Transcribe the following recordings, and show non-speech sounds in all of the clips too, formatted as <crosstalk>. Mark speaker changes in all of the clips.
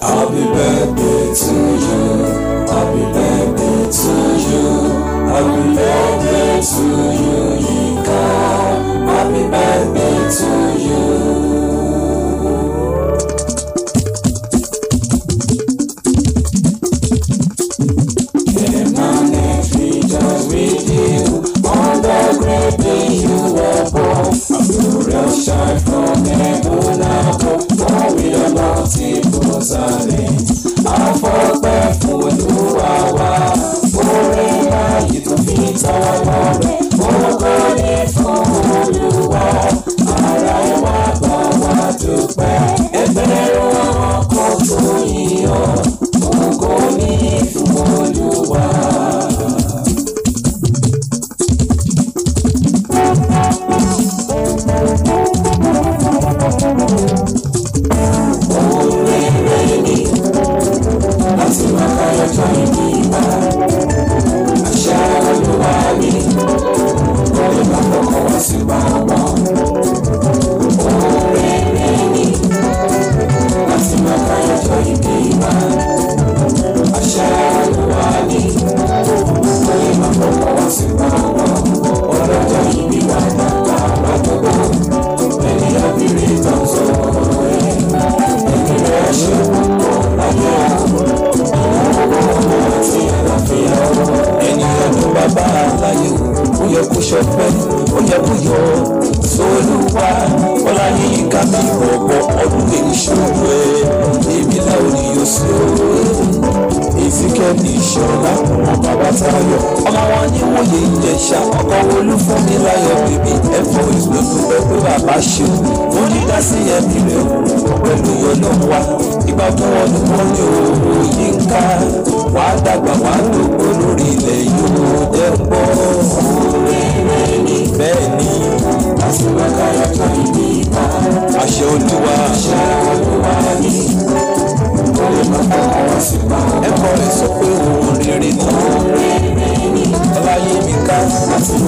Speaker 1: Happy birthday to you. Happy birthday to you. Happy birthday to you, Yika. Happy birthday to you. arákùnrin bàbá táyọ̀ ọmọ wọn ní wòye ìjẹ̀ṣà ọkọ̀ wọlú fún mi láyọ̀ bèbí ẹ̀fọ́ ìgbòho pẹ̀lú bàbá ṣe ó ní dásí ẹ̀mí rẹ̀ pẹ̀lú yọ̀nà wa ìgbà tó wọn ní wọn ní òòyìnká wàá dàgbà wàá dògbò lórí.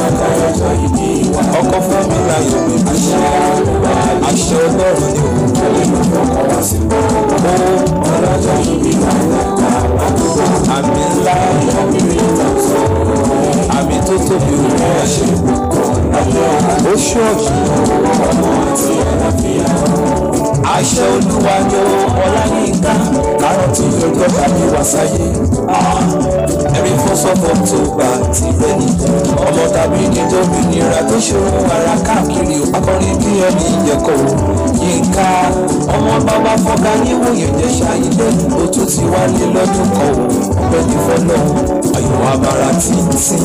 Speaker 1: ọkọ fún mi láyọ̀ àṣẹ ọlọ́run ni òun àmì ńlá àmì tó tóbi òun ẹ̀ṣẹ̀ ó ṣọ́ọ̀ṣì. aṣọ olúwa ni ọláyínká kárọ̀ tí yóò gbọ́dọ̀ mi wá sáyé. every first of october ti lé ní ọmọ tàbí nítorí nira tó ṣòro ara káàkiri akọrin bí ẹni ìyẹ̀kọ̀ yínká ọmọ bàbá fọ́gá níwòye jẹ́ ṣáyílé ó tún ti wálé lọ́dún kan ọ̀pẹ́ ní fọ́lọ́ ayọ̀ abara títí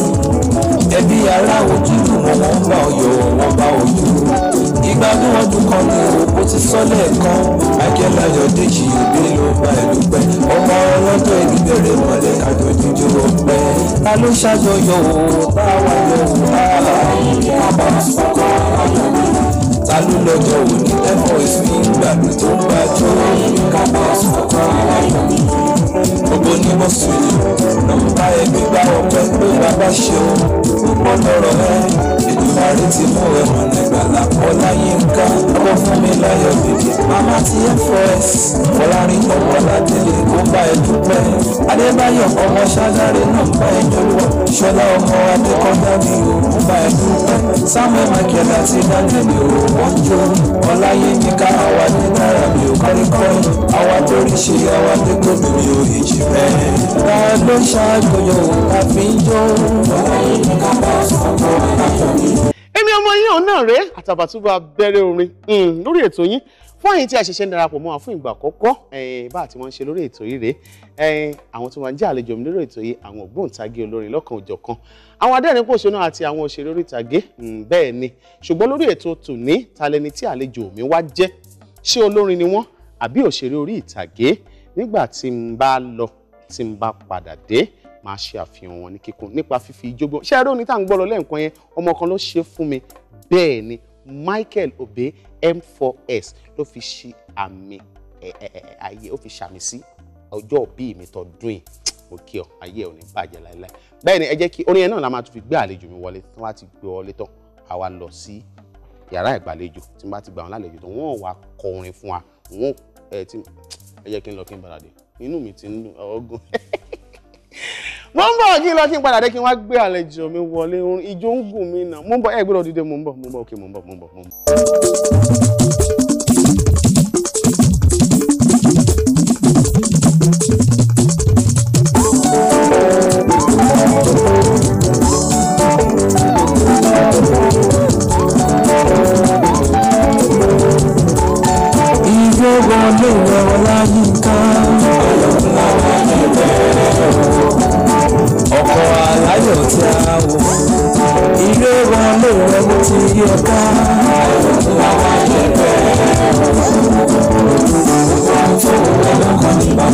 Speaker 1: ẹbí ará ojú wọ́n ń bá ọyọ̀ wọ́n bá ojú. ìgbádùn ọdún kan ní òkú ti sọ lẹ́ẹ̀kan akẹ́láyọ̀ déjì ìbí ló bá ẹ̀dùpẹ́ ọmọ ọlọ́dọ̀ ẹni bẹ̀rẹ̀ mọ́lẹ̀ àjọjújú ọpẹ́ ta ló ṣàjọyọ̀ o tá a wà yọ o tá a bá a bá sọkọ ayọ̀ mi ta ló lọ́jọ́ òní ẹ̀fọ́ ìsìn ìgbàlú tó ń bá jó ká bá sọkọ ayọ̀ mi gbogbo ní mọ́sùlùmí nọ́mbà ẹgbẹ́ gbá ọpẹ́ pé bàbá ṣeun gbogbo lọ́rọ̀ ẹ ti mú rẹ̀ mọ̀lẹ́ gbàlá ọlá yínká ó fún mi láyọ̀ bèbè màmá ti fs fọlárin ọkọ̀ ládìlẹ̀ ó bá ẹ dúpẹ́ adébáyọ̀ ọmọ ṣáláre náà bá ẹ jọlọ ṣọlá ọmọ adékọ́dá mi ò ń bá ẹ dúpẹ́ samuel makeda ti dánilẹ̀ ò wọ́n jó ọlá yínká àwa ní náírà mi ò kárí kọ́rin àwa torí ṣe àwa dé gómìn mi ò ìjì bẹ́ẹ̀. ta ló ṣàjọyọ̀ òun àfi jó. ọlá yínká bá sọ̀rọ̀ àjọ mi náà náà rèé àtàbàtúbà bẹ̀rẹ̀ orin hmm, lórí ètò yín fún àyín tí a ṣẹ̀ṣẹ̀ ń darapọ̀ mọ́ wa fún ìgbà àkọ́kọ́ eh, bá àti wọ́n ń ṣe lórí ètò yìí rèé eh, àwọn tó máa ń jẹ́ àlejò mi lórí ètò yìí àwọn ògbóǹtagì olórin lọ́kan òjọ̀kan àwọn adẹ́rìn pòṣónà àti àwọn òṣèré orí ìtàgé hmm, bẹ́ẹ̀ ni ṣùgbọ́n lórí ètò tòní ta lẹni tí àlejò mi wá jẹ́ ṣé olórin ni wọ́n àbí òṣèré orí ìtàgé nígbà tí n bá lọ tí n bá padà dé máa ṣe àfihàn wọn ní kíkún nípa fífi ijó gbọ́ ṣé ẹ rí oní tá à ń gbọ́ lọ lẹ́ǹkan yẹn ọmọ kan ló ṣe fún mi bẹ́ẹ̀ ni Michael Obey M4S ló fi ṣe àmì ayé ó fi ṣàmì sí ọjọ́ òbí mi tọdún yìí mo kí ọ ayé ò ní bàjẹ́ láéláé bẹ́ẹ̀ ni ẹ jẹ́ kí orin yẹn náà la máa tún fi gbé àlejò mi wọlé tí wọ́n á ti gbé wọlé tán a wá lọ sí yàrá ìgbàlejò tí wọ́n bá ti gbà wọ́n lálejò tán wọ́n wá kọ fún wa wọ́n ẹ ti ẹ jẹ́ kí n lọ kí n bàdàdé inú mi ti ń dùn ọgùn <laughs> mo ń bọ̀ kí n lọ kí n padà dé kí n wá gbé àlejò mi wọlé ìjó ń gùn mí náà mo ń bọ̀ ẹ gbọ́dọ̀ dìde mo ń bọ̀ mo ń bọ̀ òkè mo ń bọ̀ mo ń bọ̀ mo ń bọ̀. ìwé wọlé ìwé ọlá ilé wọn lè rẹ bó ti yí ẹ ká.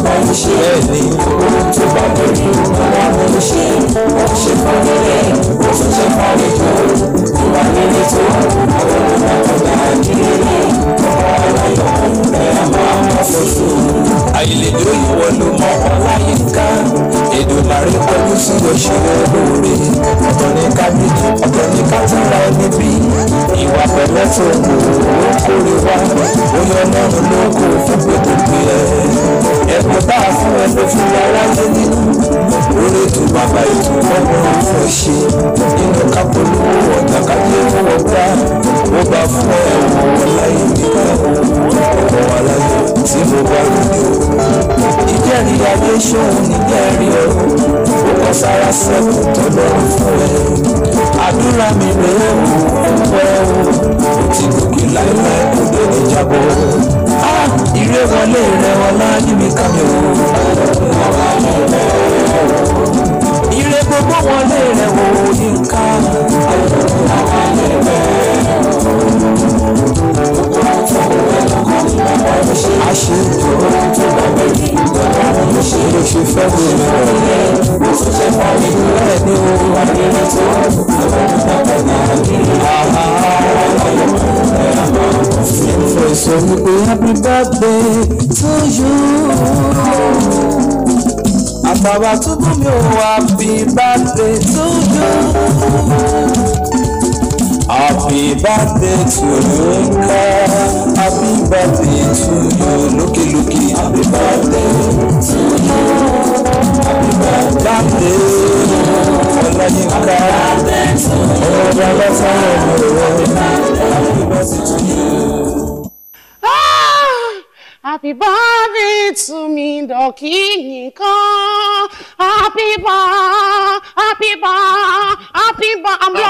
Speaker 1: Bẹ́ẹ̀ni, tó bá lórí ìwà mi ló ṣe, ó ṣe fọ́nrẹ́lẹ̀, ó tún ṣe fọ́nrẹ́jọ́, ìwà líle tó, àwọn olùdókòwò àdìrẹ́lẹ̀, ọ̀rọ̀ aláyọ̀, ẹ̀ á máa mọ̀ ṣoṣo. Àìlèdè òyìnbó ló mọ ọláyínká, Èdùmàrè pẹ̀lú sí òṣèré lóore. tó kù ló kórè wá omi ọlọ́run ló kù fún gbogbo ìpìlẹ̀ ẹ̀kọ́ bá a fún ẹ ló fi wá wáyé nínú orí ètò bàbá ètò ọmọ ọ̀fọ̀ ṣe nínú kápolówó ọ̀tá kájé owó gbá ó bá fún ẹ wọ láyé nígbà ọkọ̀ wà láyé tí mo bá lóde o ìjẹ́rìí adé ṣóhun nígbẹ̀rí o ó kọ́ sára sẹ́kù tó lọ́rùn fún ẹ àdúrà mi rèé wẹ́ o tí gòkè láéláé kò dé níjàbọ̀. ìrẹ́wọlé rẹ̀ wọlá ní ah, mi kàmi o. ṣe fẹ́ mi fẹ́ bó ṣe ṣe fẹ́ mi fẹ́ ni o wà ní ètò For so we happy birthday to you. Àbàbà túbú mi ò happy birthday to you. Happy birthday to Yinka. Happy birthday to you. Looky, Happy birthday to you láti ọ̀làyínká ọ̀rọ̀ alásàlẹ̀ rẹ̀. Happy birthday to me, Doki Nkan. Happy birthday.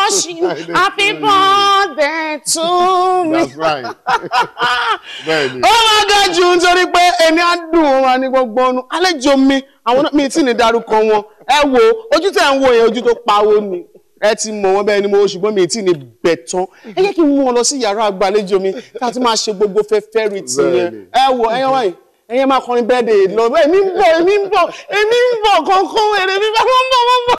Speaker 1: worship Happy birthday to me. That's right. <laughs> Bẹ́ẹ̀ni. Ó oh máa ga jù nítorí pé ẹni á dùn òun àní gbogbo ọ̀nù. Àlejò mi, àwọn mi tí ní dárúkọ wọn. Ẹ wo ojú tẹ̀ ń wo yẹn ojú tó pawó ni. Ẹ ti mọ̀ wọ́n bẹ́ẹ̀ ni mo ṣùgbọ́n mi tí ní bẹ̀ tán. Ẹ jẹ́ kí n mú wọn lọ sí yàrá àgbàlejò mi tá a ti máa ṣe gbogbo fẹ́fẹ́ rìtì yẹn. Ẹ wo ẹyẹ wáyé ẹyẹ máa kọrin bẹ́ẹ̀ dè lọ èmi ń bọ̀ èmi ń bọ̀ èmi ń bọ̀ kọ̀ọ̀kan èrè mi bá wọ́n ń bọ̀ wọ́n